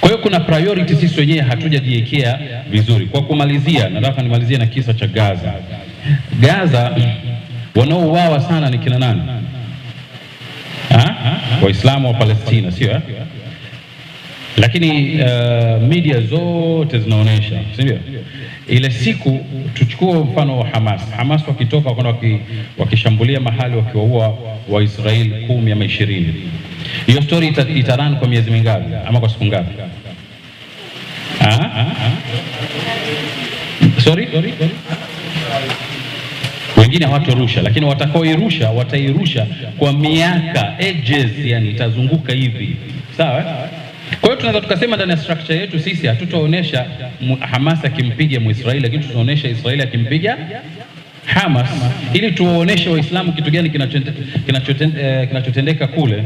Kwa hiyo kuna priority sisi wenyewe hatujajiwekea vizuri. Kwa kumalizia, nataka nimalizie na kisa cha Gaza. Gaza wanaouawa sana ni kina nani? Waislamu wa Palestina, sio eh? Lakini uh, media zote zinaonyesha, si ndio? Ile siku tuchukue mfano wa Hamas. Hamas wakitoka waki, wakishambulia mahali wakiwaua Waisraeli kumi ama ishirini hiyo story itarun kwa miezi mingapi ama kwa siku ngapi? Sorry, wengine hawatorusha, lakini watakaoirusha watairusha kwa miaka ages, yani itazunguka hivi, sawa. Kwa hiyo tunaweza tukasema ndani ya structure yetu sisi hatutaonesha Hamas akimpiga Mwisraeli, lakini tutaonesha Israeli akimpiga Hamas ili tuwaoneshe Waislamu kitu gani eh, kinachotendeka kule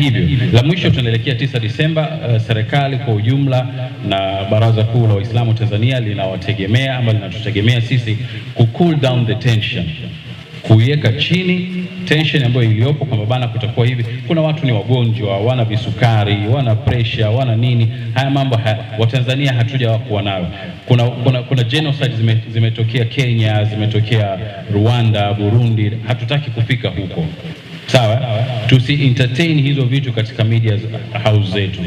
hivyo la mwisho, tunaelekea tisa Disemba. Uh, serikali kwa ujumla na Baraza Kuu la Waislamu Tanzania linawategemea ama linatutegemea sisi ku cool down the tension, kuiweka chini tension ambayo iliyopo kwamba bana, kutakuwa hivi. Kuna watu ni wagonjwa, wana visukari, wana pressure, wana nini. Haya mambo haya Watanzania hatuja kuwa nayo. Kuna, kuna, kuna genocide zime, zimetokea Kenya, zimetokea Rwanda, Burundi, hatutaki kufika huko sawa, tusi entertain hizo vitu katika media house zetu,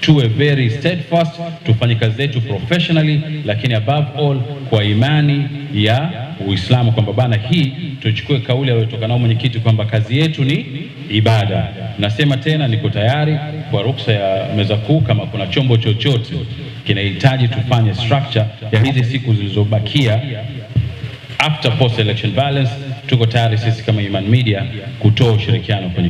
tuwe very steadfast, tufanye kazi zetu professionally, lakini above all kwa imani ya Uislamu, kwamba bana, hii tuchukue kauli aliyotoka nao mwenyekiti kwamba kazi yetu ni ibada. Nasema tena, niko tayari kwa ruksa ya meza kuu, kama kuna chombo chochote kinahitaji tufanye structure ya hizi siku zilizobakia after post election balance, tuko tayari sisi kama Human Media kutoa ushirikiano kwenye